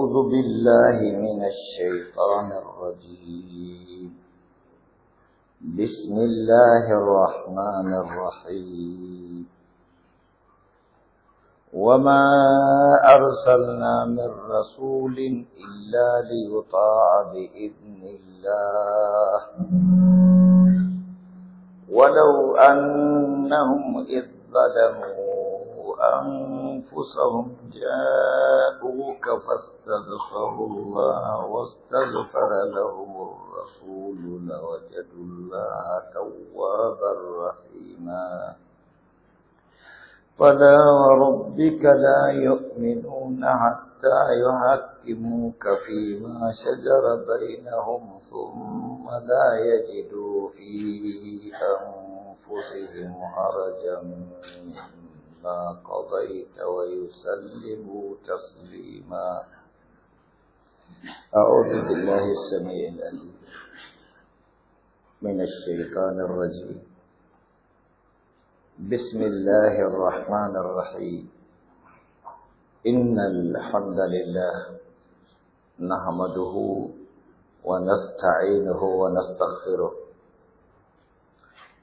أعوذ بالله من الشيطان الرجيم بسم الله الرحمن الرحيم وما أرسلنا من رسول إلا ليطاع بإذن الله ولو أنهم إذ ظلموا أن أنفسهم جاءوك فاستغفروا الله واستغفر لهم الرسول لوجدوا الله توابا رحيما فلا وربك لا يؤمنون حتى يحكموك فيما شجر بينهم ثم لا يجدوا في أنفسهم حرجا ما قضيت ويسلموا تسليما أعوذ بالله السميع العليم من الشيطان الرجيم بسم الله الرحمن الرحيم إن الحمد لله نحمده ونستعينه ونستغفره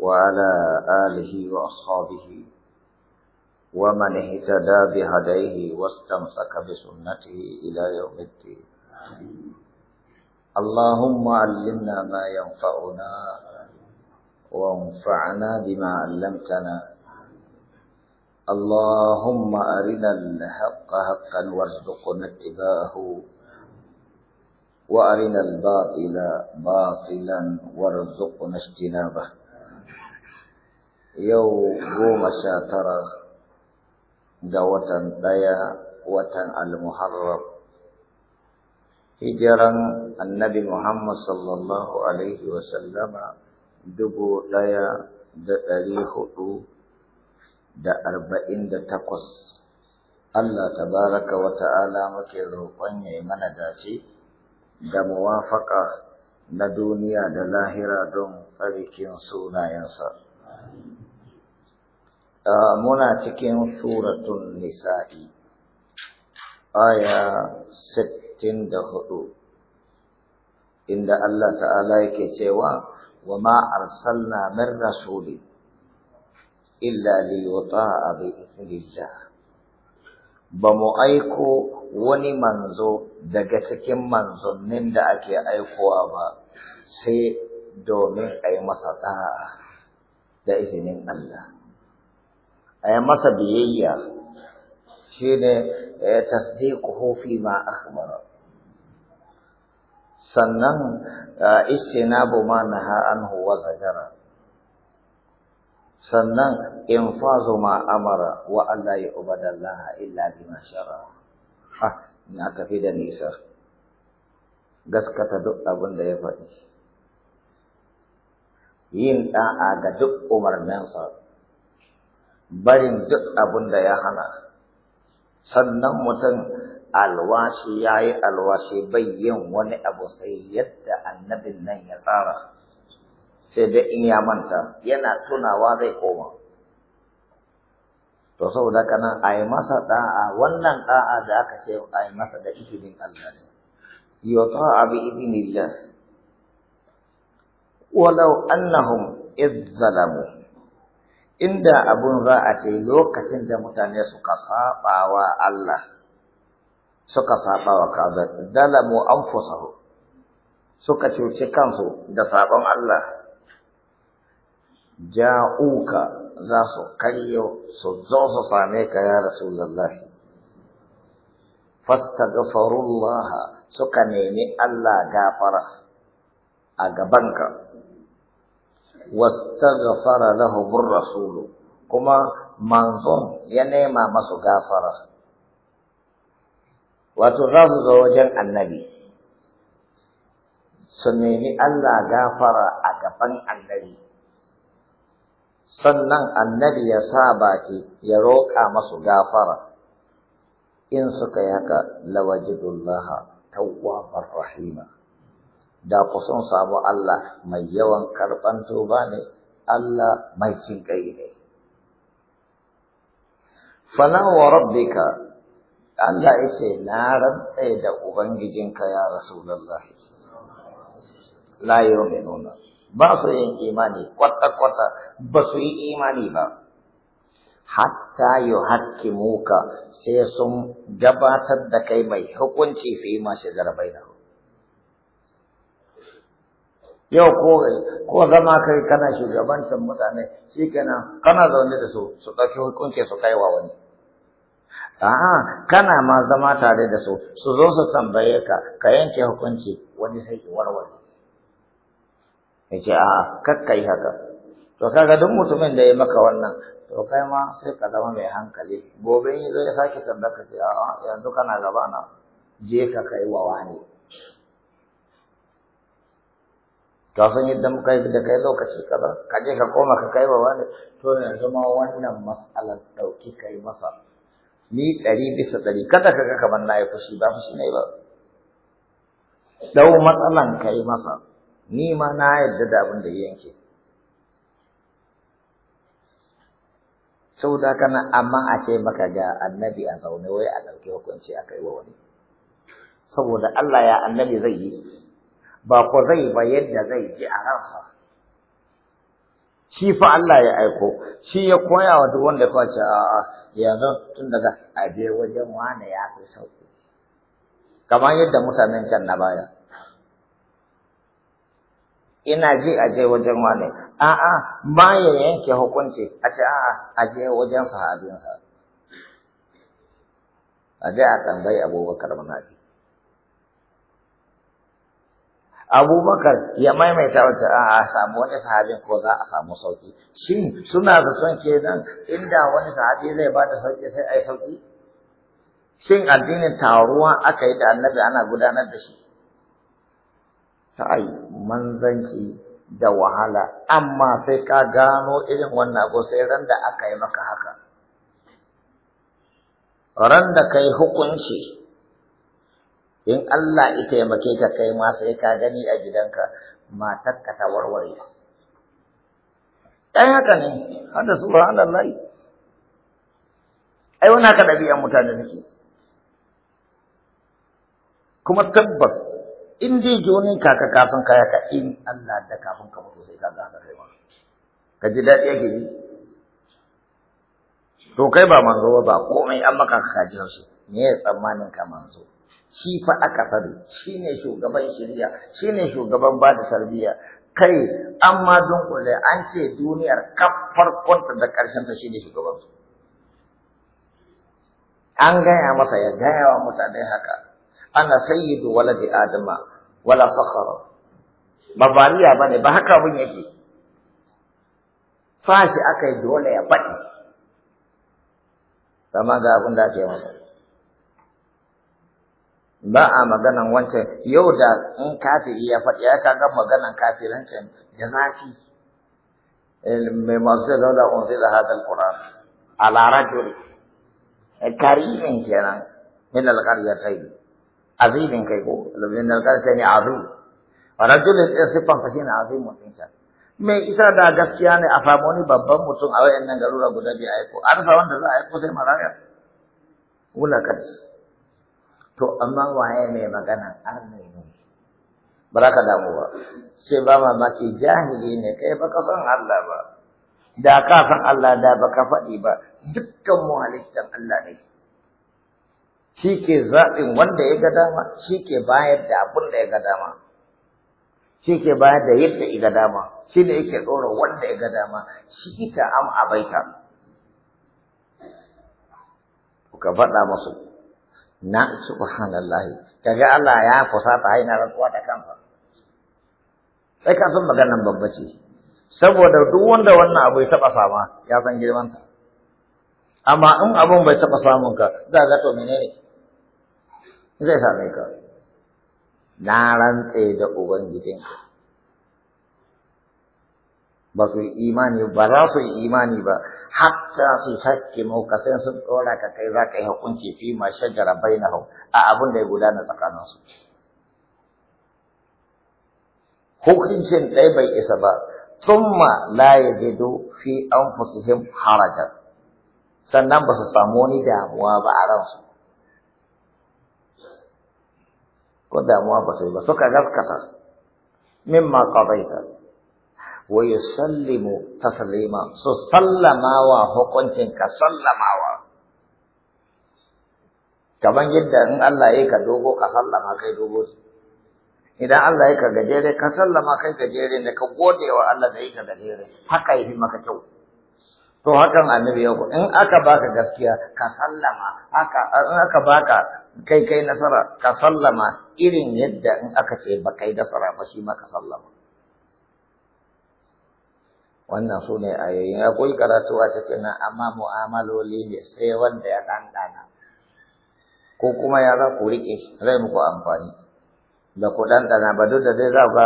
وعلى آله وأصحابه ومن اهتدى بهديه واستمسك بسنته إلى يوم الدين اللهم علمنا ما ينفعنا وانفعنا بما علمتنا اللهم أرنا الحق حقا وارزقنا اتباعه وأرنا الباطل باطلا وارزقنا اجتنابه yau goma sha tara da watan ɗaya watan almuharram hijiran annabi muhammad sallallahu alaihi wasallama dubu ɗaya da ɗari hudu da arba'in da takwas allah ta baraka wa ta'ala muke roƙon ya yi mana dace da muwafaƙa na duniya da lahira don tsarikin sunayensa Ah, muna cikin suratun nisa'i aya 64 inda Allah ta'ala yake cewa wa ma arsalna min rasuli illa yuta'a bi idnillah ba mu aiko wani manzo daga cikin manzonnin da ake aikowa ba sai domin a yi masa da izinin Allah a yi masa biyayya shi ne eh, tasdiquhu fi ma akhbara sannan eh, istinabu ma naha anhu wa zajara sannan infazu ma amara wa alla yu'badallaha illa bima shara ha ina tafi da nisa gaskata duk abin da ya faɗi yin ɗa'a ga duk umarninsa barin duk abin da ya hana sannan mutum alwashi ya yi alwashi bai yin wani abu sai yadda annabin nan ya tsara sai dai in ya manta yana tunawa zai koma to saboda da nan a yi masa ɗa'a wannan ɗa'a da aka ce a yi masa da izinin Allah ne yota bi idinillah walau annahum iz inda abun za a ce lokacin da mutane suka saba wa Allah suka saba wa kaza dalamu anfusahu suka cuci kansu da sabon Allah ja'uka za su karyo su zo su same ka ya rasulullahi fastaghfirullah suka nemi Allah gafara a gabanka wastaghfara lahu rasulu kuma manzon ya nema masu gafara wato za su zo wajen annabi su nemi Allah gafara a gaban annabi sannan annabi ya sa baki ya roƙa masu gafara in suka yaka lawajidullaha tawwabar rahima da ku son samu Allah mai yawan karɓan toba ne, Allah mai cin kai ne. Fala wa rabbika Allah ya ce, Na rantsai da Ubangijinka ya Rasulallah, la mai ba su yin imani kwata-kwata ba su yi imani ba. Hatta yi hakki sai sun gabatar da kai mai hukunci fi ma shigar yau ko ko zama kai kana shugabantar mutane shikenan kana zaune da su su ɗauki hukunci su kai wa wani a'a kana ma zama tare da su su zo su tambaye ka ka yanke hukunci wani sai ki warware yace a'a kakkai haka to kaga duk mutumin da ya maka wannan to kai ma sai ka zama mai hankali gobe in zo ya sake tambaka ce a'a yanzu kana gaba na je ka kai wa wani kafin yadda muka yi da kai lokaci kaza ka je ka koma ka kai wa wani to ne zama wannan mas'alar ɗauki kai masa ni ɗari bisa ɗari kada ka ga kamar na yi fushi ba fushi ne ba ɗau matsalan kai masa ni ma na yadda da abin da yanke saboda kana amma a ce maka ga annabi a zaune wai a ɗauki hukunci a kai wa wani saboda Allah ya annabi zai yi ba ko zai ba yadda zai ji a ransa shi fa Allah ya aiko shi ya koya wa duk wanda ya ce a'a yanzu tun daga aje wajen wani ya fi sauki kamar yadda mutanen can na baya ina ji a je wajen wani. a'a ba yanke hukunci a ce a'a a je wajen sahabinsa a je a tambayi abubakar manafi abubakar ya maimaita wata a samu wani sahabin ko za a samu sauki shin suna da son kenan inda wani sahabi zai ba da sauki sai ai sauki shin addinin taruwa aka yi da annabi ana gudanar da shi ta ai manzanci da wahala amma sai ka gano irin wannan abu sai ran da aka yi maka haka ran da kai hukunci in Allah ya taimake ka kai ma sai ka gani a gidanka matar ka ta warware dan haka ne hada subhanallahi ai wannan ka dabi'a mutane suke kuma tabbas in dai joni kaka kafin kaya ka in Allah da kafin ka mutu sai ka ga haka kai ma ka ji daɗi yake ji to kai ba manzo ba komai an maka ka ji su me ya tsammanin ka manzo shi fa aka sani shi ne shugaban shirya shi ne shugaban ba da tarbiyya kai amma don dunkule an ce duniyar kafar farkonta da ƙarshenta shi ne shugaban su an gaya masa ya gaya wa mutane haka ana sayyidu waladi adama wala fakhara ba bariya bane ba haka abin yake fashi akai dole ya faɗi sama ga abin da ake masa ba a maganan wancan yau da in kafiri ya faɗi ya kaga maganan kafirancin da zafi eh, mai masu zai zauna kun sai da hadal Qur'an a larajuri eh, karimin kenan min alƙaryatai azimin kai ko min kai eh, ne azim rajulin ɗin siffansa shine mutum can mai isa da gaskiya ne a samu ni babban mutum a nan garura guda biyu a aiko an sa wanda za a aiko sai Wula wulakanci to amma waye mai magana an ne ba za ka damu ba sai ba mamaki jahili ne kai ba ka san Allah ba da ka san Allah da ba ka faɗi ba dukkan mu halittar Allah ne shi ke zaɓin wanda ya ga dama shi ke bayar da abin da ya ga dama shi ke bayar da yadda ya ga dama shi ne yake tsoron wanda ya ga dama shi ita am abaita ka faɗa masu na subhanallahi kaga Allah ya fusata yana rantsuwa da kansa sai ka san maganan babba ce saboda duk wanda wannan abu ya taba sama ya san girman ta amma in abun bai taba samun ka za ka to menene zai same ka na rantse da ubangijinka ba su yi imani ba za su yi imani ba hatta su hakke mauka sai sun ɗora ka kai za ka yi hukunci fi ma shajara hau. a abin da ya gudana tsakaninsu hukuncin ɗaya bai isa ba thumma la yajidu fi anfusihim harajar. sannan ba su samu wani damuwa ba a ransu ko damuwa ba su yi ba suka gaskata mimma qadaita wa yusallimu taslima su sallamawa hukuncin ka sallamawa kaman yadda in Allah ya ka dogo ka sallama kai dogo idan Allah ya ka gajere ka sallama kai gajere ne ka gode wa Allah da ya ka gajere haka yi maka kyau to hakan annabi ya in aka baka gaskiya ka sallama haka in aka baka kai kai nasara ka sallama irin yadda in aka ce ba kai nasara ba shi ma ka sallama wannan su ne yayin akwai karatu a cikin nan amma mu'amaloli ne sai wanda ya dandana ko kuma ya za ku riƙe zai muku amfani da ku dandana ba duk da zai za ba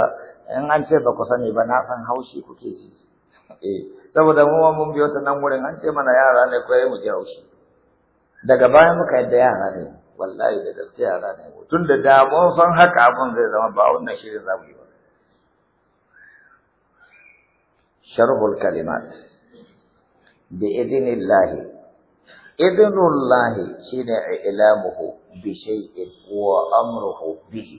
in an ce ba ku sani ba na san haushi kuke ji eh saboda mu mun biyo ta nan wurin an ce mana yara ne ko mu ji haushi daga baya muka yadda yara ne wallahi da gaskiya yara ne tun da da san haka abun zai zama ba wannan shirin za mu yi ba شرح الكلمات بإذن الله إذن الله شين إعلامه بشيء وأمره به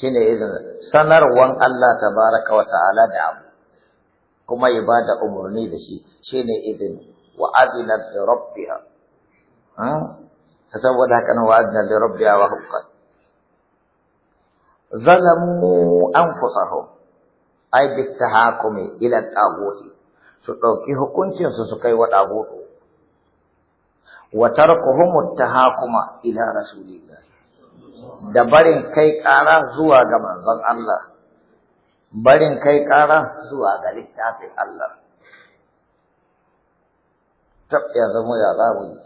شين إذن سنر وان الله تبارك وتعالى دعم كما يبادى أمرني دشي شين إذن وأذنت لربها ها تزود هكذا وأذن لربها وحقا ظلموا أنفسهم ai bitahakumi ila taguti su ɗauki hukuncin su su kai wa tagutu wa tarkuhum tahakuma ila rasulillah da barin kai ƙara zuwa ga manzon Allah barin kai ƙara zuwa ga littafin Allah tab ya zama ya za mu yi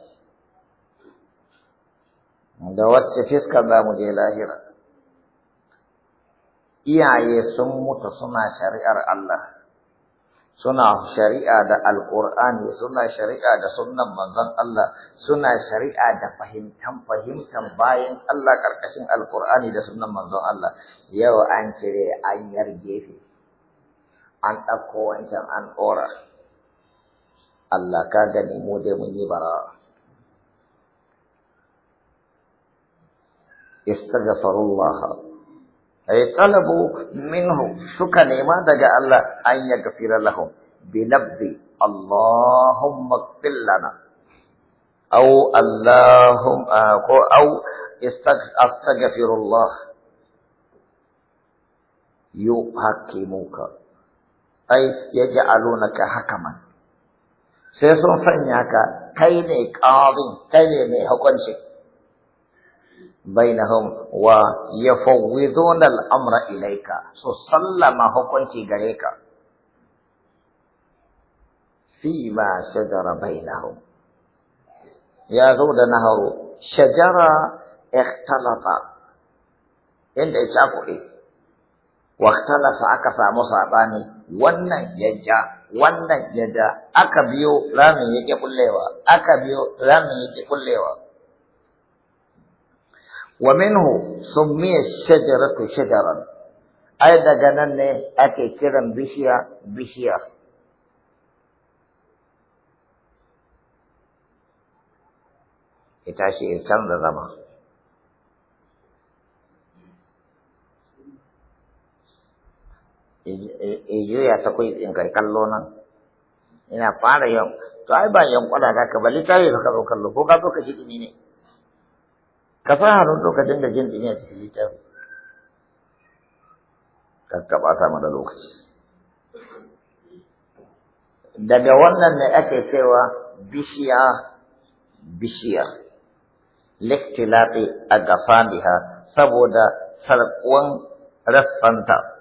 da wacce fiskar za mu je lahira iyaye sun mutu suna shari'ar Allah suna shari'a da alqur'ani suna shari'a da sunnan manzon Allah suna shari'a da fahimtan fahimtan bayan Allah karkashin alqur'ani da sunnan manzon Allah yau an cire an yar gefe an ɗauko wancan an ɗora Allah ka gani mu dai mun yi bara استغفر الله أي طلبوا منه سك نعمة دجا الله أن يغفر لهم بلبي اللهم اغفر لنا أو اللهم أو استغفر الله يحكموك أي يجعلونك حكما سيسون فنياك كيني قاضي كيني حكم شك bainahum wa yafawwiduna al-amra ilayka so sallama hukunci gare ka fi ma shajara bainahum ya zo da naharu shajara ikhtalata inda ya cakuɗe wa ikhtalafa aka samu saɓani wannan yajja, wannan yajja aka biyo ramin yake kullewa aka biyo ramin yake kullewa ومنه سمي الشجرة شجرا أي nan ne ake kiran bishiya bishiya ita ce canza zama ya ta kai in kai kallo nan ina fara yau to ai ba yan kwada ka ba littafi ka kallo ko ka zo ka shi ne ka sa hannun lokacin da jin ɗin ya cikin littafi ta mana lokaci daga wannan ne ake cewa bishiya bishiya liktilafi a gasaniha saboda sarkuwan rassanta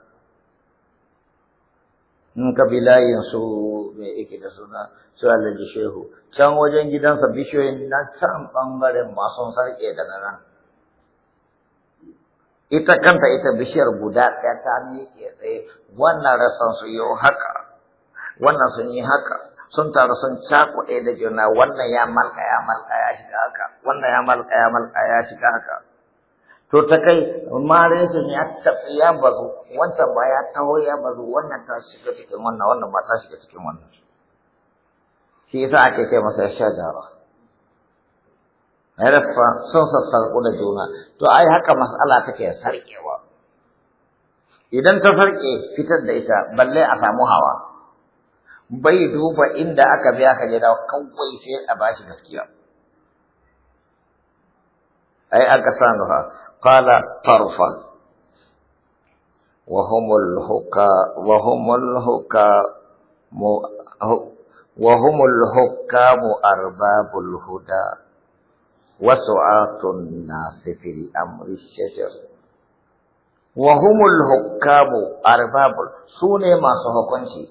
in ka bi layin su mai yake da suna su da shehu can wajen gidansa bishiyoyin na can ɓangaren masu sarki da nan ita kanta ita bishiyar guda ɗaya ta miƙe tsaye wannan rasan su yi haka wannan sun yi haka sun taru sun cakuɗe da juna wannan ya malka ya malka ya shiga haka wannan ya malka ya malka ya shiga haka to ta kai mare su ne tafi ya bazu wancan ba ya taho ya bazu wannan ta shiga cikin wannan wannan ba ta shiga cikin wannan shi yasa ake kai masa shajara rafa sun sassarku da juna to ai haka mas'ala take sarkewa idan ta sarke fitar da ita balle a samu hawa bai duba inda aka biya ka gida kawai sai a bashi gaskiya ai aka sanu ha Qala tarfa Wahumul huka Wahumul huka mu, hu, Wahumul huka Mu'arbabul huda Wasu'atun Nasifil amri syajar Wahumul Sune masu hukunci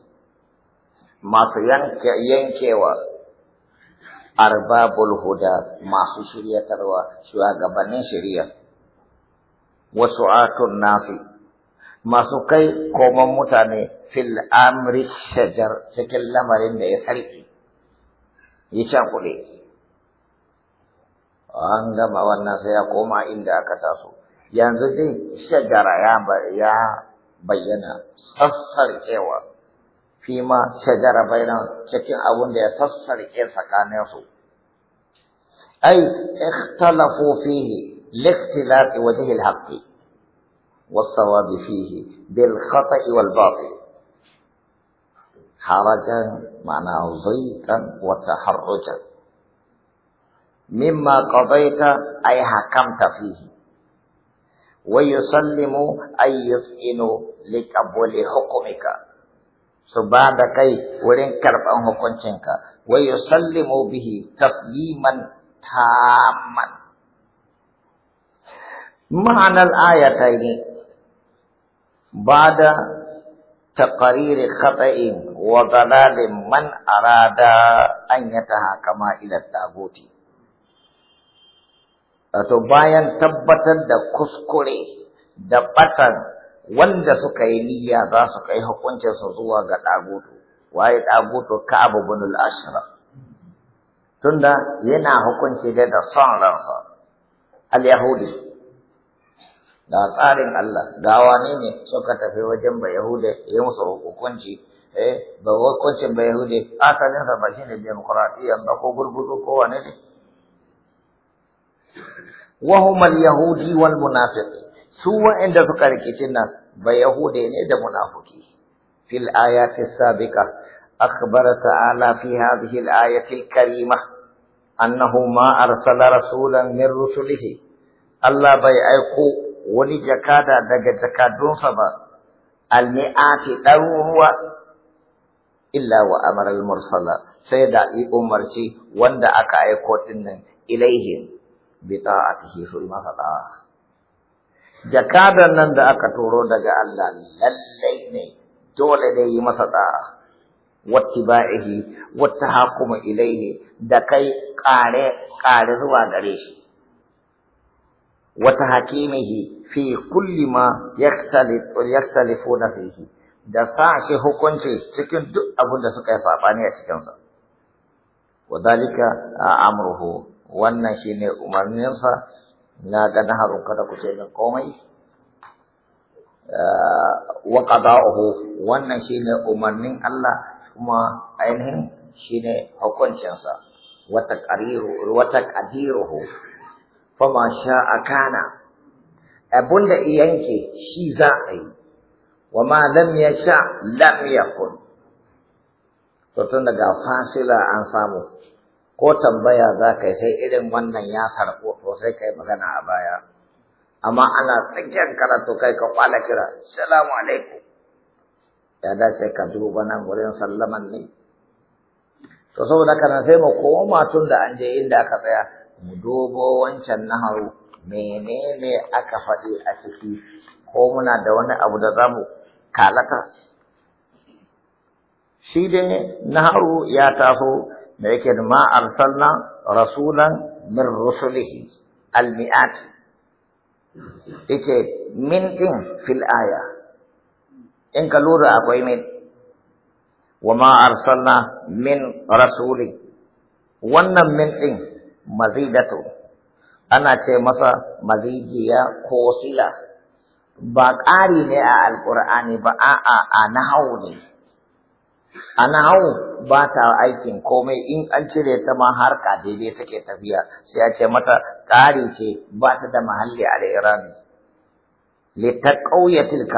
Masu yang Yang kewa Arbabul huda Masu syariah tarwa Syuragabannya syariah wasu atun nasi masu kai koman mutane fil amri shajar cikin lamarin da ya sarki yi cakuɗe an gama wannan sai ya koma inda aka taso yanzu dai shajara ya bayyana sassarƙewa ma shajara bainan cikin abun da ya sassarƙe tsakaninsu ai ikhtalafu fihi لاختلاف وجه الحق والصواب فيه بالخطأ والباطل حرجا معناه ضيقا وتحرجا مما قضيت أي حكمت فيه ويسلم أي يطعن لقبول حكمك سبحان كي ورين كرب أن حكمك ويسلم به تسليما تاما معنى الآيتين بعد تقرير خطأ وضلال من أراد أن hakama إلى التابوت to bayan tabbatar da kuskure da ɓatar wanda suka yi niyya za su kai hukuncinsu zuwa ga ɗagutu waye ɗagutu ka'abu bin al tunda yana hukunci da da son ransa al-yahudi ga tsarin Allah ga wane ne suka tafi wajen ba Yahuda ya musu hukunci eh ba hukuncin ba Yahuda asalin sa ba shine demokradiyya ba ko gurgudu ko wani ne wa humal yahudi wal munafiqi su wa'anda suka rikice nan ba Yahude ne da munafiki fil ayati sabiqa akhbara ta'ala fi hadhihi al ayati al Karima. annahu ma arsala rasulan min rusulihi Allah bai aiko wani jakada daga jakadunsa ba almi'ati ɗaruruwa illa wa amara al-mursala sai da yi umarci wanda aka aiko din nan ilaihin, bi ta'atihi fil masada jakadan nan da aka toro daga Allah lallai ne dole ne yi masa ba'ihi wattiba'ihi wattahakuma ilaihi da kai kare kare zuwa gare shi وتحكيمه في كل ما يختلف يختلفون فيه da sa shi hukunci cikin duk abin da suka yi sabani a cikinsa. Wadalika a amurhu wannan shi ne umarninsa na ga naharun kada ku ce min komai. Wa wannan shi ne umarnin Allah kuma ainihin shi ne hukuncinsa. Wata ƙadiruhu fama sha a kana abun da yanke shi za a yi wa ma lam ya sha lam ya kun to tun daga fasila an samu ko tambaya za ka sai irin wannan ya sarko to sai kai magana a baya amma ana tsakiyar karatu kai ka kwala kira salamu alaikum ya dace ka duba nan wurin sallaman ne to saboda kana sai mu koma tun da an je inda aka tsaya mu dubo wancan naharu menene aka faɗi a ciki ko muna da wani abu da zamu kalata shi dai naharu ya taso da yake da ma arsalna rasulan min rusulihi almi'at yake min din fil aya in ka lura akwai min wa ma arsalna min rasuli wannan min din mazidatu ana ce masa mazidiya ko sila ba ƙari ne a alƙur'ani ba a'a a nahau ne a nahau ba ta aikin komai in an cire ta ma harka daidai take tafiya sai a ce mata ƙari ce ba ta da mahalli a irani لتقوية yi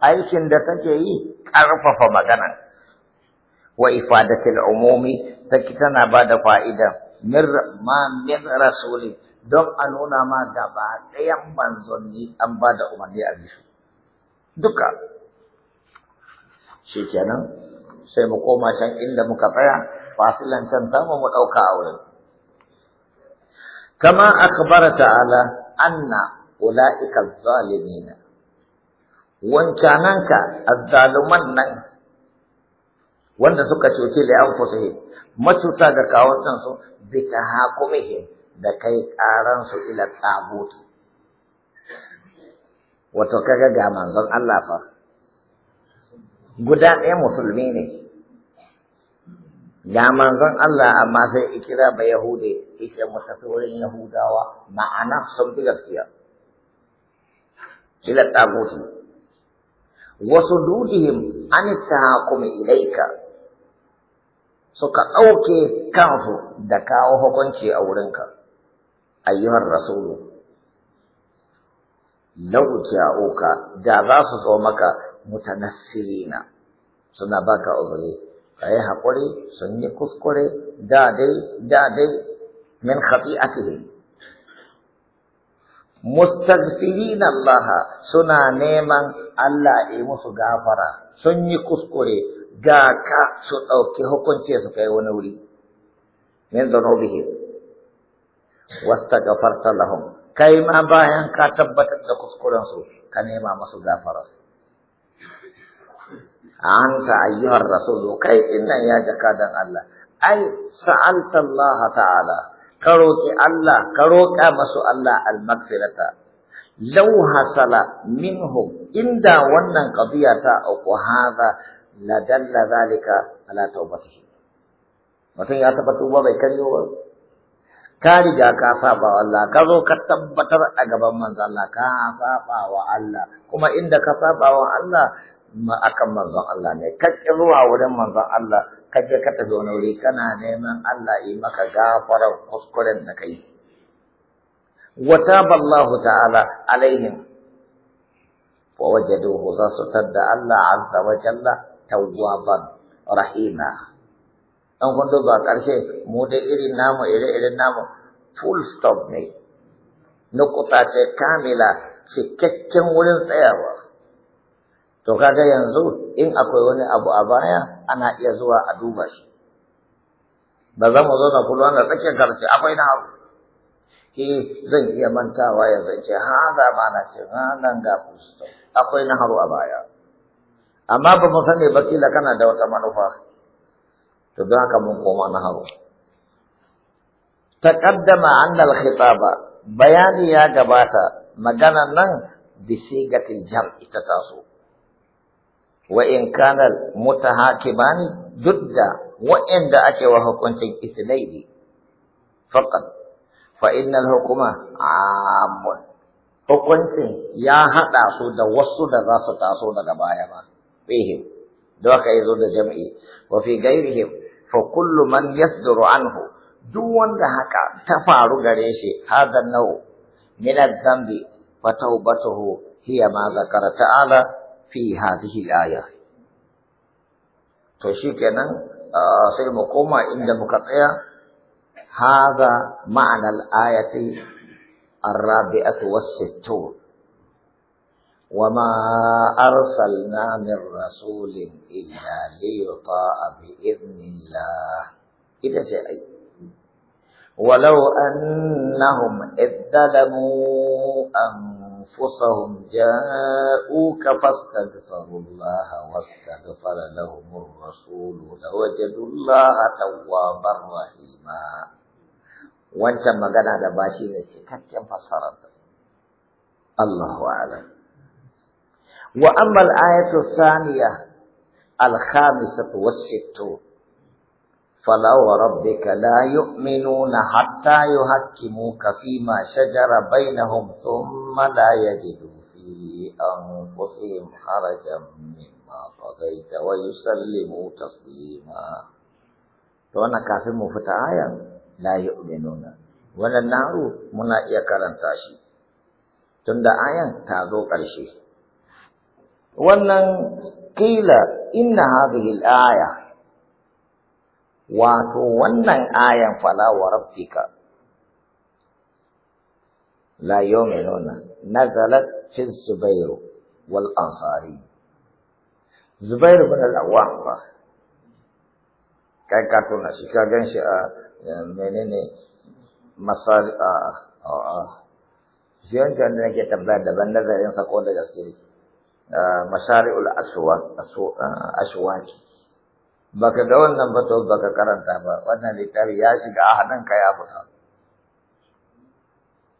أي magana. Wa أرفف مغنى وإفادة العموم tana bada fa'ida. min ma min rasuli don a nuna ma gaba ɗayan manzanni an ba da umarni a bisu duka shi kenan sai mu koma can inda muka tsaya fasilan can tamu mu ɗauka a wurin kama akhbara ta'ala anna ula'ika zalimina wancananka azzaluman nan wanda suka cuci da an fusahi ga kawunan su bi ta hakumihim da kai karan su ila tabuti wato kaga ga manzon Allah fa guda ɗaya musulmi ne ga manzon Allah amma sai ikira ba yahude wurin mutafirin yahudawa ma'ana sun bi gaskiya ila tabuti wasu dudihim an kuma ilaika ka ɗauke kansu da kawo hukunci a wurinka ayyuhar rasulu lau ja'uka da za su zo maka mutanassirina suna baka uzuri yi haƙuri sun yi kuskure da dai da dai min khati'atihim mustaghfirin Allah suna neman Allah ya musu gafara sun yi kuskure ga ka su ɗauki hukunci su kai wani wuri min zanubihi wastaghfarta lahum kai ma bayan ka tabbatar da kuskuren su ka nema musu gafara anta ayyuhar rasulu kai innan ya jaka dan Allah ai sa'alta Allah ta'ala ka roƙi Allah ka roƙa masu Allah al-maghfirata law hasala minhum inda wannan qadiya ta auku haza. la dalla zalika ala taubatihi mutum ya taɓa ba bai karyo ba ka riga ka saba wa Allah ka zo ka tabbatar a gaban manzo Allah ka saba wa Allah kuma inda ka saba wa Allah ma akan manzo Allah ne ka zuwa wurin manzo Allah ka je ka tafi wani wuri kana neman Allah yi maka gafarar kuskuren da kai wa ballahu ta'ala alaihim wa wajaduhu za su tadda Allah azza wa jalla tawwaban rahima dan kun ba karshe mu da irin namu ire-iren namu full stop ne nukuta ce kamila cikakken wurin tsayawa To kaga yanzu in akwai wani abu a baya ana iya zuwa a duba shi. Ba za mu zo na kula na tsakiyar karshe akwai na abu. Ki zan iya mantawa ya zance ha za ma na ce ha nan ga akwai na haru a baya. amma ba mu sani ba kila kana da wata manufa to don haka mun koma na haru taqaddama al khitaba bayani ya gabata magana nan bi sigatil jam'i ta taso wa in kana mutahakimani duk da inda ake wa hukuncin itinaidi faqat fa innal hukuma amun hukuncin ya hada su da wasu da za su taso daga baya ba فيهم دوك يزود جمعي وفي غيرهم فكل من يصدر عنه دون ذهك تفارو غريش هذا النوع من الذنب وتوبته هي ما ذكر تعالى في هذه الآية تشيكنا sai mu koma عند muka هذا معنى الآية الرابعة والستون وما أرسلنا من رسول إلا ليطاع بإذن الله إذا سعي ولو أنهم إذ ظلموا أنفسهم جاءوك فاستغفروا الله واستغفر لهم الرسول لوجدوا الله توابا رحيما وانت مغنى لباشين الشكاك فسرت الله أعلم وأما الآية الثانية الخامسة والستون فلا وربك لا يؤمنون حتى يحكموك فيما شجر بينهم ثم لا يجدوا في أنفسهم حرجا مما قضيت ويسلموا تسليما وانا كافي مفتا آية لا يؤمنون ولا نعرف منا كارن تاشي تندى آية تازو قرشي wannan kila inna hadhihi al-aya wato wannan ayan fala wa rabbika la yu'minuna nazalat fi zubair wal ansari zubair bin al-awwam kai ka tuna shi ka gan shi a menene masar a a shi wancan da nake tambaya daban nazarin sa ko da gaske Ah, masari'ul ashwaki ah, baka ga wannan ba to baka karanta ba wannan littafi ya shiga a eh? kai ya fita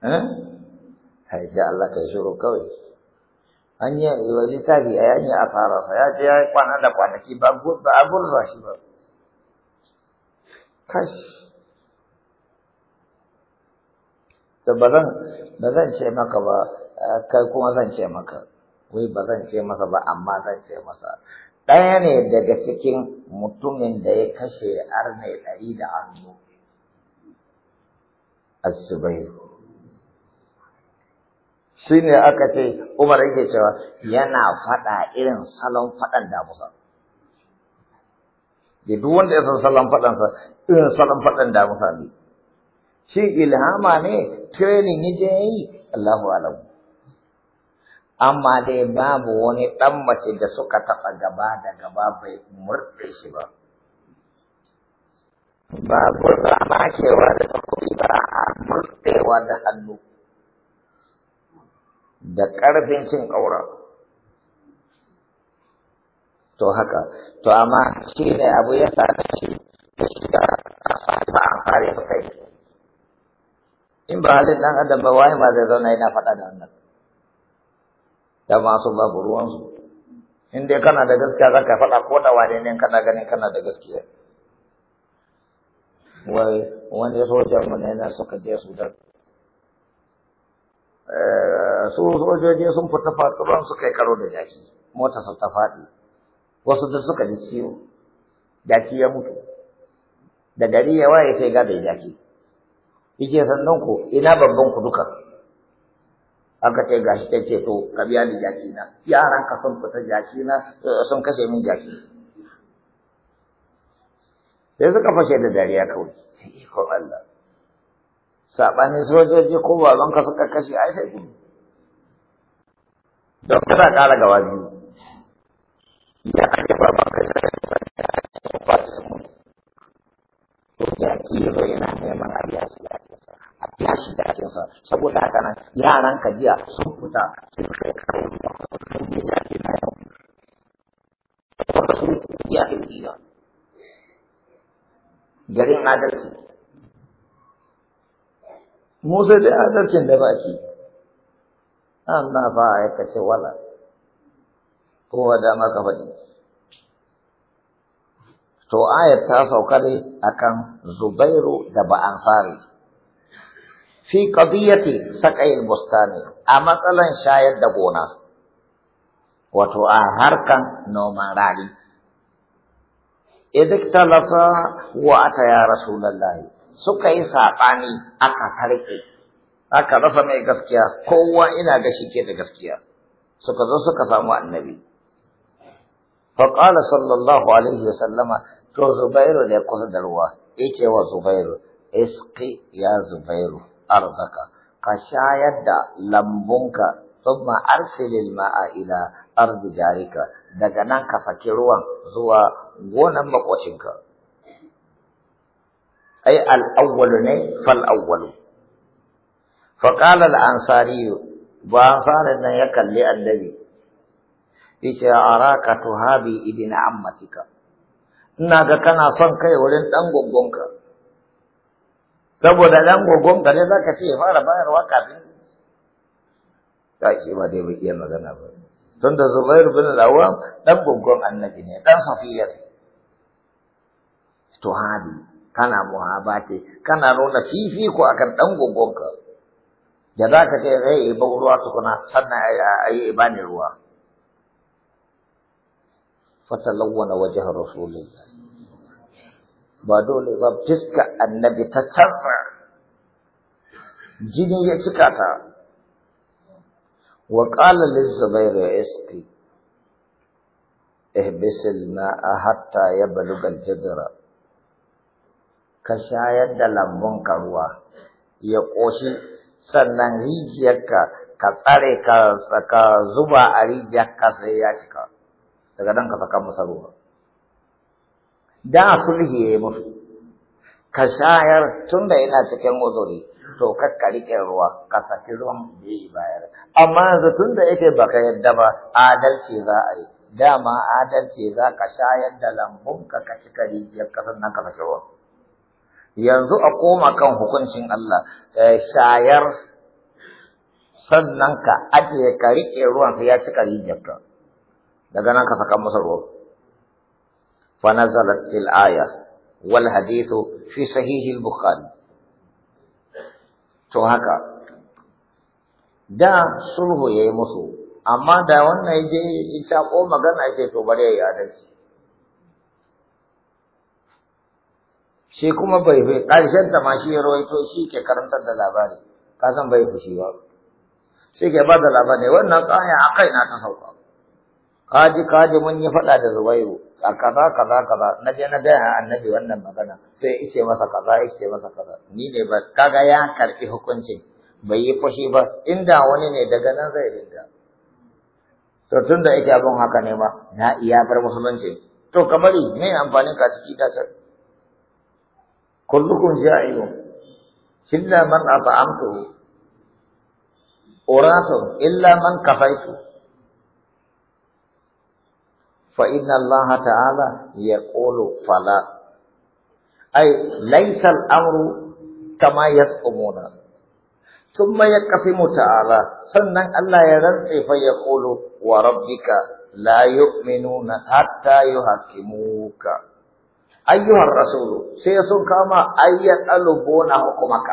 eh hai ga Allah kai shiru kawai an yi littafi a yanyi a farasa ya ce ya kwana da kwanaki ba a gurra shi ba kashi da ba zan ce maka ba eh, kai kuma zan ce maka wai ba zan ce masa ba amma zan ce masa ɗaya ne daga cikin mutumin da ya kashe arne ɗari da hannu asubai shi ne aka ce umar yake cewa yana faɗa irin salon faɗan da musa da duk wanda ya san salon faɗansa irin salon faɗan da musa ne shi ilhama ne training ya je yi Allahu alamu amma dai babu wani ɗan mace da suka taɓa gaba da gaba bai murɗe shi ba. Ba gurba makewa da takobi ba a murɗewa da hannu, da ƙarfin cin ƙaura. To haka, to amma shi ne abu ya sa shi da shiga a ba a fare kai. In ba halin ɗan adam ba waye ma zai zauna yana faɗa da wannan. da masu babu ruwansu in dai kana da gaskiya za ka faɗa ko da wane ne kana ganin kana da gaskiya wai wani sojan mu ne na suka je su da eh, su sojoji sun fita faturan su kai karo da jaki mota su ta faɗi wasu da suka ji ciwo jaki ya mutu da gari ya waye sai gadai jaki Ike sannan ku ina babban ku duka aka ce gashi ta ce to ka biya ni jaki na yaran ka sun fita jaki na sun kashe min jaki sai suka fashe da dariya kawai sai Ko Allah sabanin sojoji ko baban ka suka kashe ai sai gudu da kada kara gaba biyu ya ake baban ka ya kashe ba su mu to jaki yana neman saboda haka nan yaran ka jiya sun fita sun kai kawo da sun yi garin adalci musa sai dai adalcin da baki na fa aikace wala kowa da maka faɗi to ayat ta sauka ne akan Zubairu da Ba'ansari fi qadiyati saqayil bustani a matsalan shayar da gona wato a harkan noman rani idan talafa wa ata ya rasulullahi suka yi saɓani aka sarki aka rasa mai gaskiya kowa ina ga shi ke da gaskiya suka zo suka samu annabi فقال صلى الله zubairu وسلم تو زبير ليقصد الروا wa Zubairu اسقي ya Zubairu. arzaka ka shayar da lambunka thumma arsilil ma'a ila ardi jarika daga nan ka saki ruwan zuwa gonan makocinka ai al ne fal awwalu fa qala al-ansari ba ansari nan ya kalli annabi yace araka tuhabi ibn ammatika ina ga kana son kai wurin dan gungunka saboda ɗan gogon gare za ka ce ya fara bayarwa kafin ta ce ba dai bai iya magana ba tun da zubairu bin al'awam Ɗan gogon annabi ne ɗan safiya to kana muhabati kana nuna fifiko akan dan ka da za ka ce zai yi ba ruwa tukuna sannan a yi ibani ruwa fatalawwana wajen rasulullah ba dole ba fiska annabi ta sarra jini ya cika ta wa qala liz-zubair isqi ihbis na a hatta yablugha al-jadra ka shayar da lambun ka ruwa ya koshi sannan rijiyarka ka tsare ka zuba a rijiyarka sai ya cika daga nan ka saka masa ruwa da sulhi ya yi mafi. ka shayar tun da yana cikin uzuri to kakka riƙe ruwa ka saki ruwan da yi bayar amma yanzu tun da yake baka yadda ba adalci za a yi dama adalci za ka shayar da lambun ka cika rijiyar ƙasar nan ka fashe ruwan yanzu a koma kan hukuncin Allah eh, shayar sannan ka ajiye ka riƙe ruwan sai ya cika rijiyar ka daga nan ka saka masa ruwa فنزلت في الآية والحديث في صحيح البخاري to haka da sulhu yayi musu amma da wannan yaje ita ko magana yake to ya yi adalci shi kuma bai bai karshen ta ma shi ya rawaito shi ke karantar da labari ka san bai fushi ba shi ke ba da labari wannan kaya akai na ta sauka kaji kaji mun yi faɗa da Zubairu a kaza kaza kaza na je na gaya annabi wannan magana sai ice masa kaza ice masa kaza ni ne ba kaga ya karɓi hukuncin bai yi fushi ba inda wani ne daga nan zai rinda to tun da yake abin haka ne ma na iya bar musulunci to ka bari me amfanin ka ciki da can kullukum ja'ilu illa man at'amtuhu uratu illa man kafaitu فإن الله تعالى يقول فلا أي ليس الأمر كما يزعمون ثم يقسم تعالى سنة الله يرنسي فيقول وربك لا يؤمنون حتى يحكموك أيها الرسول سيسون كما أي يسألون حكمك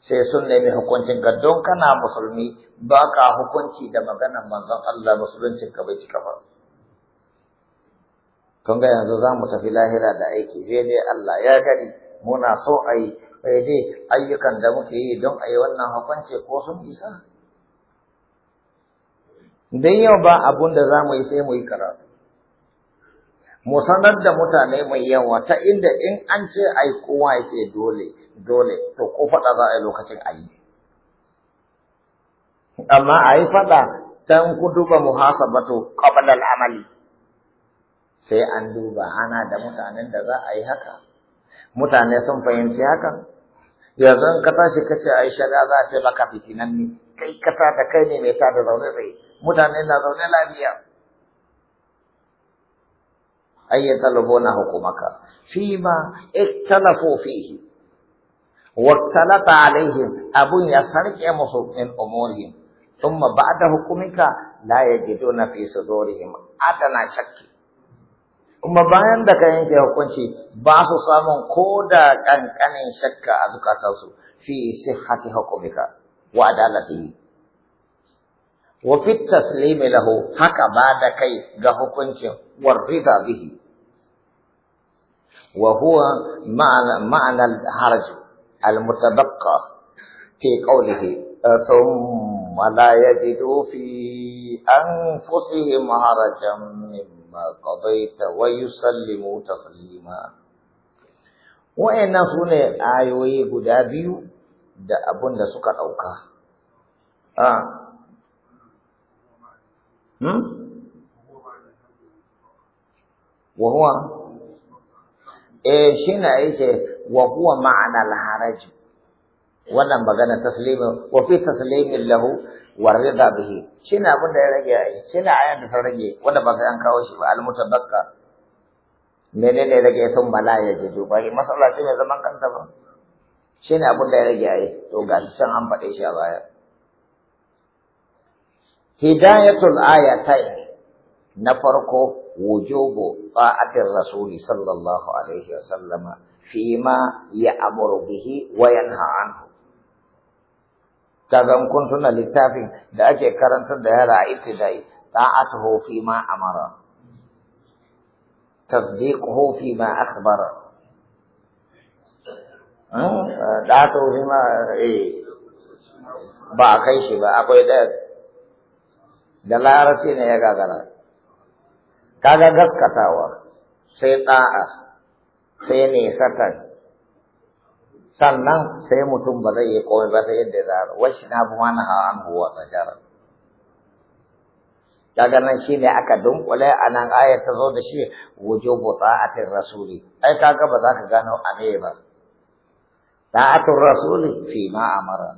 sai sun nemi hukuncin ka don kana musulmi ba ka hukunci da maganar manzon Allah musuluncin ka bai cika ba Tun ga yanzu za mu tafi lahira da aiki zai dai Allah ya gani muna so a yi sai ayyukan da muke yi don a yi wannan hukunci ko sun isa Dai yau ba abun da za mu yi sai mu yi karatu. Mu sanar da mutane mai yawa ta inda in an ce ai kowa yake dole, dole to ko faɗa za a yi lokacin a yi amma a yi faɗa can ku duba muhasabatu qabla al-amali sai an duba ana da mutanen da za a yi haka mutane sun fahimci hakan yanzu ka tashi ka ce yi shari'a za a ce baka fitinan ne kai ka ta da kai ne mai ta da zaune tsaye mutane na zaune lafiya ayyata talabona hukumaka shima ma ikhtalafu fihi waktalata alaihim abun ya sarƙe musu min umurihim thumma ba'da hukumika la yajiduna fi sudurihim adana shakki kuma bayan da ka yanke hukunci ba su samun ko da kankanin shakka a zukatansu fi sihhati hukumika wa adalatihi wa fi taslimi lahu haka ba da kai ga hukuncin warida bihi Wahuwa huwa ma'ana ma'ana المتبقى في قوله ثم لا يجدوا في أنفسهم حرجا مما قضيت ويسلموا تسليما وإن هنا آيوي قدابي da abun da suka ɗauka. A, hmm? Wahuwa? Eh, shi na yake wa huwa ma'ana al-haraj wannan magana taslimi wa fi taslimin lahu wa rida bihi shine abin da ya rage shine ayan da ta rage wanda ba sai an kawo shi ba al-mutabakka menene ya rage sun bala ya ji duba shi matsala ce mai zaman kanta ba shine abin da ya rage ai to ga can an faɗe shi a baya hidayatul ayatain na farko wujubu ta'atir rasuli sallallahu alaihi wa sallama fima ya amuru bihi wa yanha anhu kaga kun tuna littafin da ake karantar da yara a ibtidai ta'atuhu fima amara tasdiquhu fima akhbara ɗato fima eh ba a kai shi ba akwai ɗaya da larabci ne ya gagara kaga gaskatawa sai ɗa'a sai ne satan sannan sai mutum ba zai yi komai ba sai yadda zara wasu na fi mana a an huwa tsakiyar daga nan shi ne aka dunkule a nan aya ta zo da shi a ta'atin rasuli ai kaga ba za ka gano a me ba ta'atin rasuli fi ma amara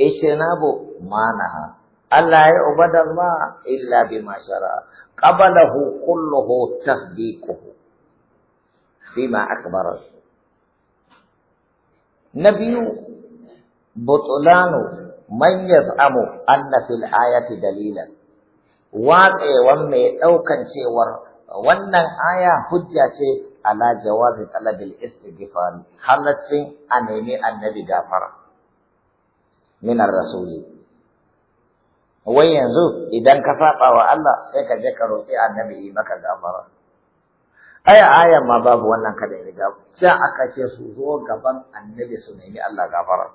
ishtinabu ma naha Allah ya ubadar ma illa bi mashara qabalahu kulluhu tasdiquhu فيما أخبر نبي بطلان من يزعم أن في الآية دليلا watsewan mai ɗaukan cewar wannan haya hujja ce ala jawazi talabil istighfar halaccin a nemi annabi gafara min rasuli wai yanzu idan ka saba wa Allah sai ka je ka roƙi annabi yi maka gafara aya aya ma babu wannan kada ya riga sai aka ce su zo gaban annabi su nemi Allah gafara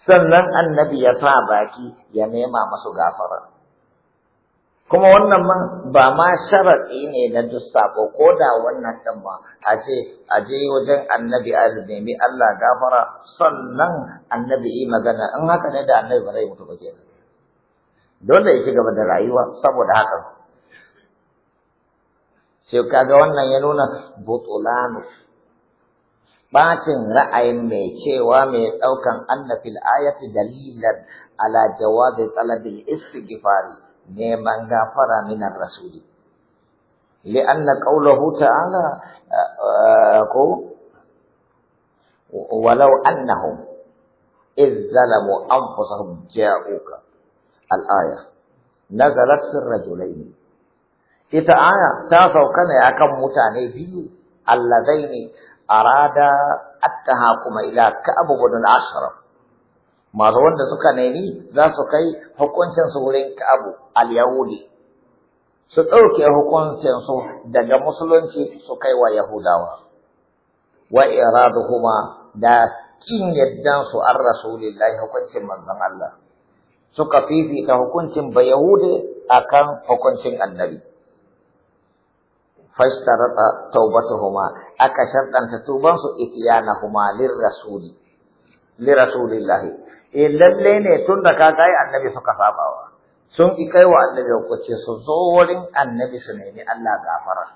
sannan annabi ya sa baki ya nema masu gafara kuma wannan ma ba ma sharadi ne na duk sako ko da wannan ɗin ba a ce a je wajen annabi a nemi Allah gafara sannan annabi yi magana in haka ne da annabi ba zai mutu ba kenan dole ya ci gaba da rayuwa saboda haka sai kaga wannan ya nuna butulanu bacin ra'ayin mai cewa mai ɗaukan annafil ayati dalilan ala jawazi talabil istighfari neman gafara minar rasuli li'anna qawluhu ta'ala ko walau annahum إذ ظلموا أنفسهم جاءوك الآية نزلت في الرجلين ita aya ta sauka ne akan mutane biyu allazaini arada attahakuma ila ka'ab ibn al-ashraf masu wanda suka nemi za su kai hukuncin su wurin ka'ab al-yahudi su ɗauke hukuncin su daga musulunci su kai wa yahudawa wa iraduhuma da kin yaddan su an rasulillahi hukuncin manzon Allah suka fifita hukuncin bayahude akan hukuncin annabi fashtarata tawbatuhuma aka shartanta tuban su itiyanahuma lirrasuli lirrasulillahi eh lalle ne tunda ka kai annabi suka sabawa sun ki kai wa annabi hukunci su zo wurin annabi su nemi Allah gafara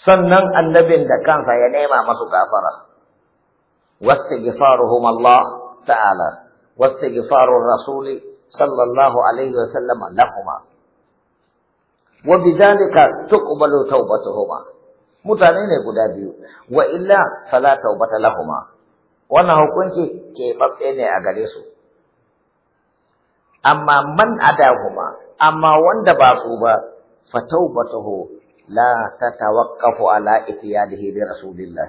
sannan annabin da kansa ya nema masu gafara واستغفارهم الله تعالى واستغفار الرسول sallallahu alaihi wa وسلم لهما wa bidhalika tuqbalu tawbatuhuma mutane ne guda biyu wa illa fala tawbata lahuma wannan hukunci ke babbe ne a gare su amma man adahuma amma wanda ba su ba fa tawbatuhu la tatawaqqafu ala itiyadihi bi rasulillah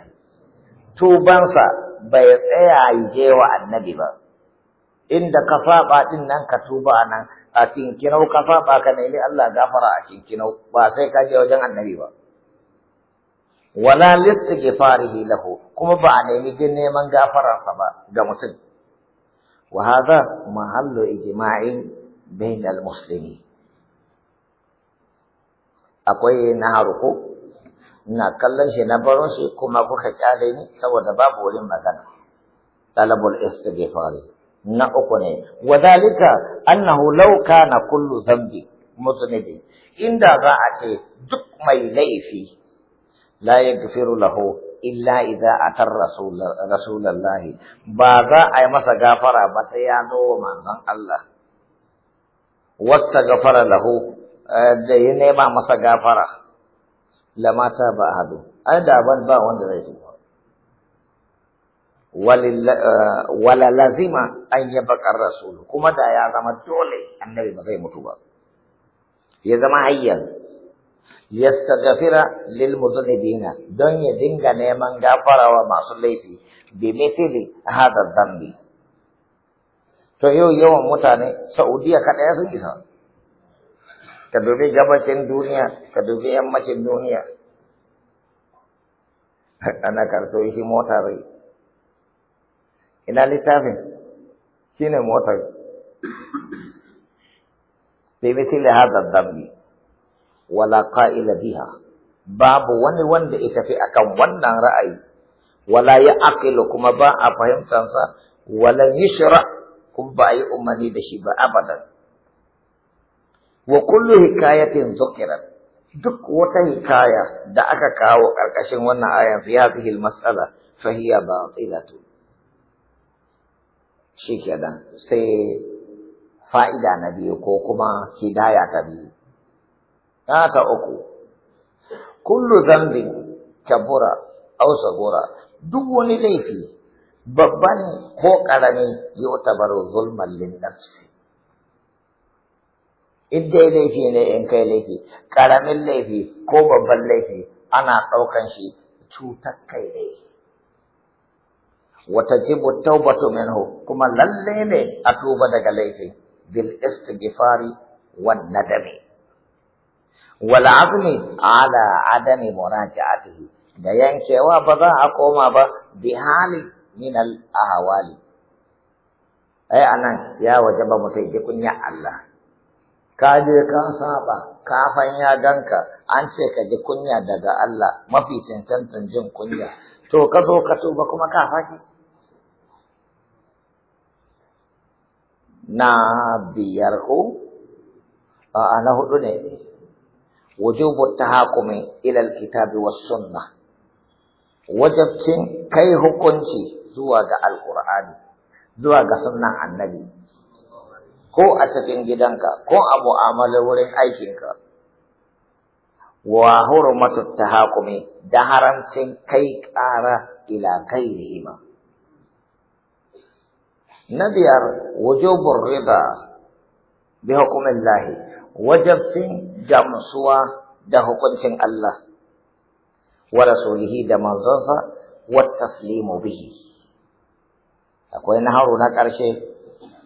tubansa bai tsaya yi wa annabi ba inda ka saba din nan ka tuba a nan a kinkinau ka saba ka nemi Allah gafara a kinkinau ba sai ka je wajen annabi ba wala listighfarihi lahu kuma ba a nemi din neman gafararsa ba ga mutum wa hadha mahallu ijma'in bainal muslimin akwai na ko ina kallon shi na baron shi kuma kuka kyale ni saboda babu wurin magana talabul istighfari na uku ne wa zalika annahu law kana kullu dhanbi muznibi inda za a ce duk mai laifi la yaghfiru lahu illa idza atar rasulullahi ba za a yi masa gafara ba sai ya zo manzon Allah wasta gafara lahu eh, da ya nema masa gafara lamata ba hadu ai da ban ba wanda zai tuba Eh, wala lazima an yi bakar rasul kuma da ya zama dole annabi ba zai mutu ba ya zama ayyan yastaghfira lil mudhnibina don ya dinga neman gafarawa masu laifi bi mithli hadha dhanbi to yau yawan mutane Saudiya kada sun suke ka dubi gabashin duniya ka dubi yammacin duniya ana karto shi mota rai ina littafin shi ne motar sai misali hada dambi wala qa'ila biha babu wani wanda ya tafi akan wannan ra'ayi wala ya aqilu kuma ba a fahimtansa wala yashra kuma ba a yi umarni da shi ba abadan wa kullu hikayatin zukirat duk wata hikaya da aka kawo ƙarƙashin wannan ayan fi hadhihi al-mas'ala fa hiya shi kenan sai fa'ida na biyu ko kuma hidaya ta biyu ta uku kullu zambin kabura ausa gura duk wani laifi babba ne ko ƙarami baro zulman lin nafsi ya laifi ne in kai laifi ƙaramin laifi ko babban laifi ana ɗaukan shi cutar kai ne Wata jibu ta batun kuma lallai ne a tuba daga laifin, bil isti bi faru wani na dame. Wala asumi, ala, adami, muraci, Da yankewa ba za a koma ba bi halin minal a hawali. Sai anan ya waje ba mu tafi kunya Allah. Ka je ka saba kafan ya danka an ce ka ji kunya daga Allah mafi tuntun jin kunya. To ka so ka so kuma ka faki? na biyarhu ana ah, ah, huɗune wujubu tahakumi ila alkitabi wassunna wajabcin kai hukunci zuwa ga alqur'ani zuwa ga sunnan annabi ko a cikin gidanka ko a mu'amalar wurin aikinka wa hurmatu tahakumi da haramcin kai ƙara ila kairihima na biyar wujubur rida bi wajen wajabcin gamsuwa da hukuncin Allah wa rasulihi da manzonsa wa taslimu bihi akwai naharu na ƙarshe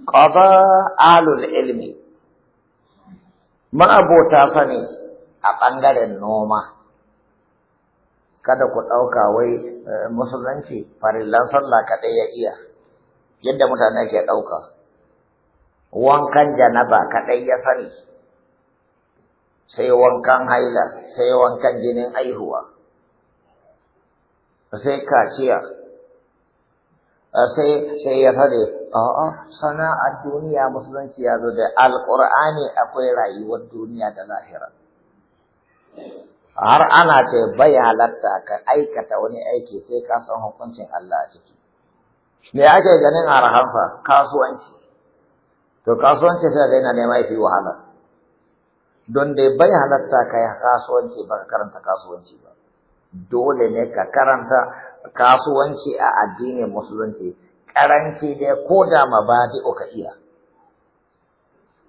qada alul ilmi ma'abota sani a ɓangaren noma kada ku ɗauka wai musulunci farillan sallah kaɗai ya iya yadda mutane ke ɗauka wankan janaba kaɗai ya sani sai wankan haila sai wankan jinin aihuwa sai kaciya sai sai ya sani a'a sana'ar duniya musulunci ya zo da alƙur'ani akwai rayuwar duniya da lahira har ana ce bai halatta ka aikata wani aiki sai ka san hukuncin Allah a ciki me ake ganin arahan fa kasuwanci to kasuwanci sai ga yana nema fi wahala don dai bai halatta kai kasuwanci ba karanta kasuwanci ba dole ne ka karanta kasuwanci a addinin musulunci karanci dai ko da mabadi ka iya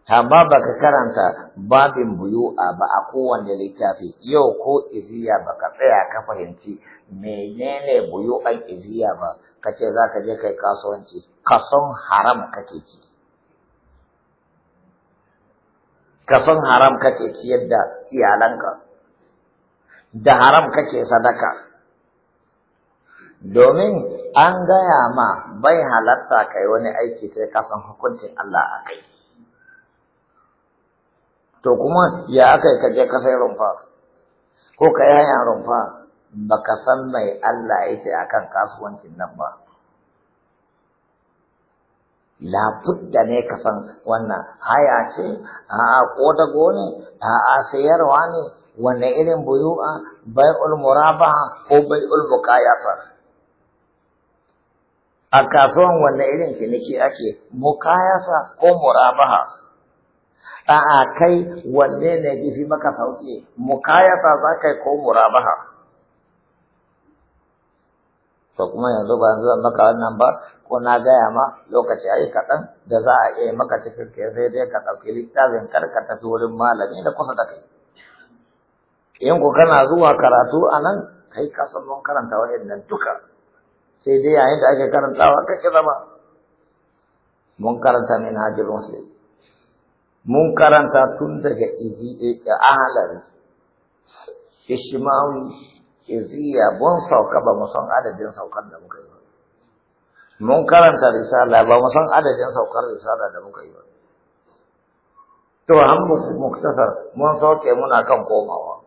amma ka karanta babin buyu'a ba a kowane littafi yau ko iziya ka tsaya ka fahimci menene buyu an iriya ba kace za ka je kai kasuwanci kason haram kake ci kason haram kake ci yadda iyalanka da haram kake sadaka domin an gaya ma bai halatta kai wani aiki sai ka san hukuncin Allah a kai. To kuma ya aka ka je rumfa, ko ka yayan rumfa, baka san mai Allah ya ce akan kasuwancin nan ba labudda ne ka san wannan haya ce a'a da gone a'a sayarwa ne wanne irin buyu'a bai'ul murabaha ko bai bai'ul mukayasa a kasuwan wanne irin ciniki ake mukayasa ko murabaha a'a kai wanne ne fi maka sauki mukayasa za kai ko murabaha to kuma yanzu ba yanzu zan maka wannan ba ko na gaya ma lokaci ayi kaɗan da za a iya maka kai sai dai ka ɗauki littafin kar ka tafi wurin malami da kusa da kai in ku kana zuwa karatu a nan kai ka san mun karanta waɗannan duka sai dai yayin da ake karantawa ki zama mun karanta min hajjul muslim mun karanta tun daga izi ahalari ishimawi iziya mun sauka ba mu adadin saukar da muka yi ba mun karanta risala ba mu adadin saukar risala da muka yi ba to an muktasar mun sauke muna kan komawa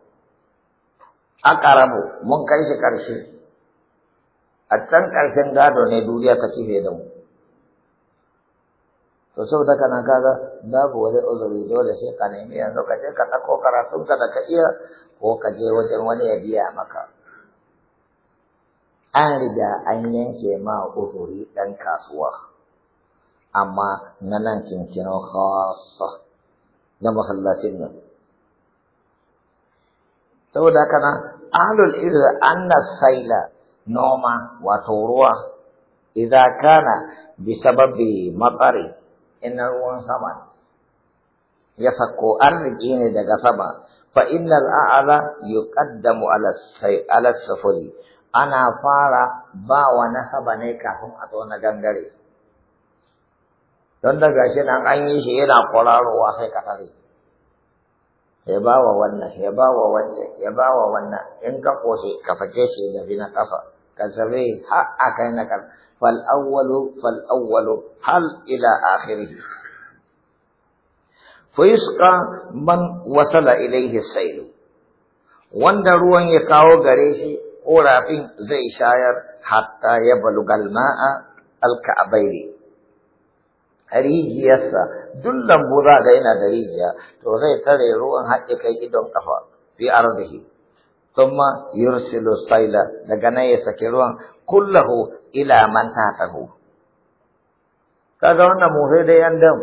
A akarabu mun kai shi karshe a can ƙarshen gado ne duniya ta kife da mu to saboda kana kaga babu wani uzuri dole sai ka nemi yanzu ka je ka ɗauko karatunka da ka iya ko ka je wajen wani ya biya maka an riga an yanke ma uzuri ɗan kasuwa amma na nan kinkinan khasa na mahallacin nan saboda kana ahlul irza anna saila noma wato ruwa idza kana bi sababi matsari Ina ruwan sama ya sako arziki ne daga sama fa innal a'la yuqaddamu ala sai ala safuri ana fara ba wa nasaba ne kafin a zo na gangare don daga shi nan an yi shi yana kwararowa sai ka tare ya ba wa wannan ya ba wa wannan in ka kose ka fake shi da na kafa kasabe har a kai na kan fal awwalu fal awwalu hal ila akhirih fa man wasala ilayhi sayl wanda ruwan ya kawo gare shi ko rafin zai shayar hatta ya balugal ma'a alka'abaini rijiyarsa duk lambu za ga yana da rijiya to zai tare ruwan haƙƙi kai idon ƙafa fi arzihi ثم يرسل السيل دغنا يسكرون كله الى من تحته kaga wannan mohe da yan dam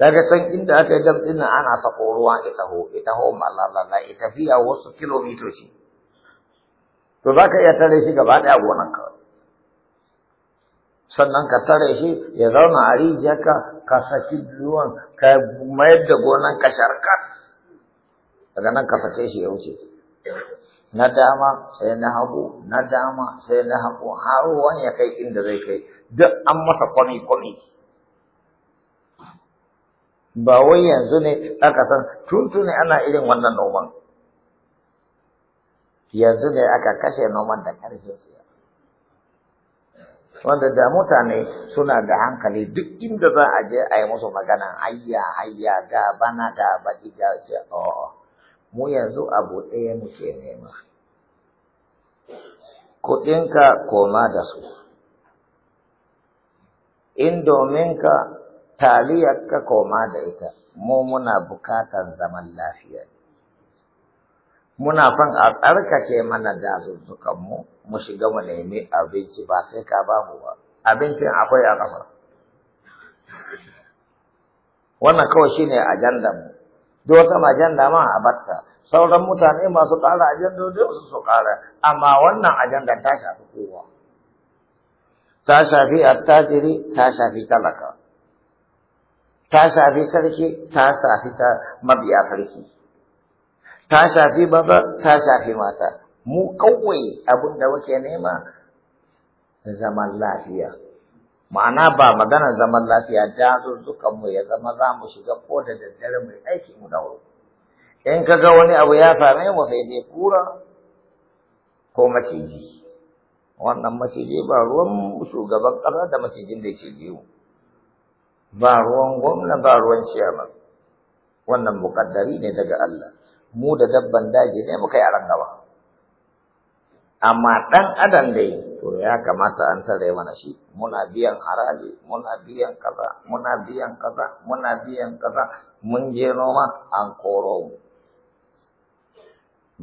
daga san inda aka dam din ana sako ruwa ita ho ita ho mallalala ita fiya wasu kilomitoci to zaka iya tare shi gaba daya gonan ka sannan ka tare shi ya zauna a rijiyarka ka ka saki ruwan ka mayar da gonan ka sharkar daga nan ka sake shi ya wuce na dama sai na hagu na dama sai na hagu har ruwan ya kai inda zai kai duk an masa kwami kwami ba wai yanzu ne aka san tuntuni ana irin wannan noman yanzu ne aka kashe noman da karfin siya wanda da mutane suna da hankali duk inda za a je a yi musu magana ayya ayya ga bana ga baɗi, ga shi, oh mu yanzu abu ɗaya muke nema kuɗinka koma da su in dominka taliyarka koma da ita mu muna bukatar zaman lafiya muna son a tsarkake mana dazuzzukanmu mu shiga mu nemi abinci ba sai ka ba mu ba abincin akwai a ƙasa wannan kawai shine ajandan mu duk wata ajanda ma a batta sauran mutane masu ƙara da su su ƙara amma wannan ajanda ta shafi kowa ta shafi attajiri ta shafi talaka ta shafi sarki ta shafi ta mabiya sarki ta shafi baba ta shafi mata mu kawai abin da muke nema zaman lafiya ma'ana ba magana zaman lafiya ta dazuzzukan mu ya zama za mu shiga ko da daddare mai aiki mu dawo in ka ga wani abu ya same mu sai dai kura ko maciji wannan maciji ba ruwan shugaban ƙasa da macijin da ke biyu ba ruwan gwamna ba ruwan ciyama wannan muƙaddari ne daga Allah mu da dabban daji ne mu kai aran gaba amma ɗan adam dai to ya kamata an tare mana shi muna biyan haraji muna biyan kaza muna biyan kaza muna biyan kaza mun je noma an koro mu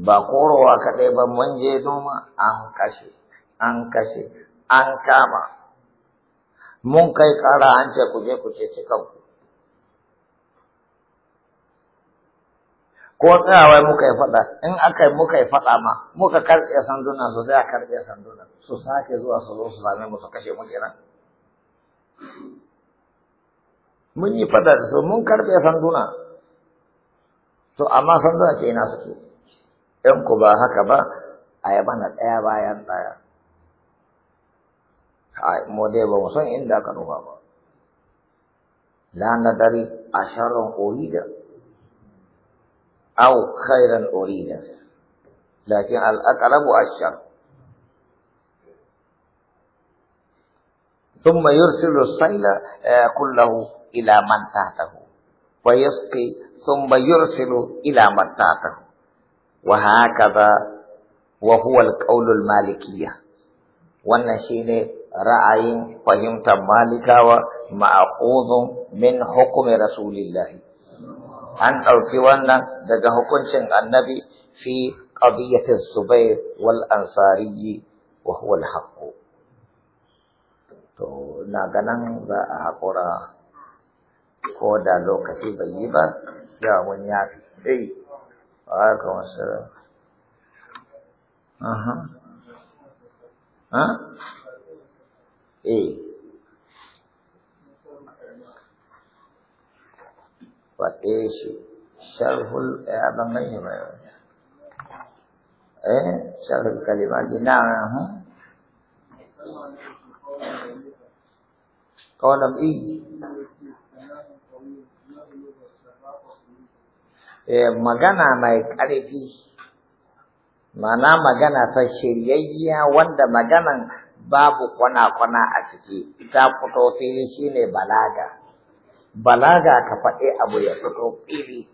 ba korowa kaɗai ba mun je noma an kashe an kashe an kama mun kai kara an ce ku je ku cece kanku ko tsayawa muka yi faɗa in aka yi muka yi faɗa ma muka karɓe sanduna su sai a karɓe sanduna su sake zuwa su zo su same mu su kashe mu kenan mun yi faɗa da su mun karɓe sanduna to amma sanduna ce ina suke in ku ba haka ba a yi mana ɗaya bayan ɗaya a mu dai ba mu san inda aka nufa ba la a asharun da. أو خيرا أريد لكن الأقرب الشر ثم يرسل السيل آه، كله إلى من تحته ويسقي ثم يرسل إلى من تحته وهكذا وهو القول المالكية والنشين رأي فهمت مالكا ومأخوذ من حكم رسول الله an ɗauki wannan daga hukuncin annabi fi qadiyatin zubair wal ansariyi wa huwa al to na ganan za a haƙura ko da lokaci bai yi ba ya mun fi dai eh, alaikum assalam aha ha eh faɗe eh, eh sharhul hmm. eh, magana mai ƙarfi mana magana ta shiryayya wanda maganan babu kwana-kwana a ciki ta fito fili shine balaga balaga ka faɗi abu ya fito fili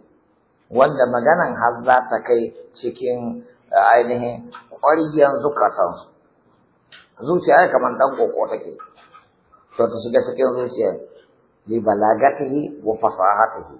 wanda maganan har za ta kai cikin eh, ainihin ƙwariyan zukatansu zuciya ya kamar ɗan koko take to ta shiga cikin zuciyar li balagatihi wa fasahatihi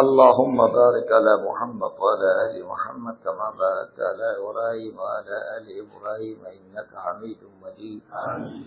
اللهم بارك على محمد وعلى آل محمد كما باركت على إبراهيم وعلى آل إبراهيم إنك حميد مجيد آمين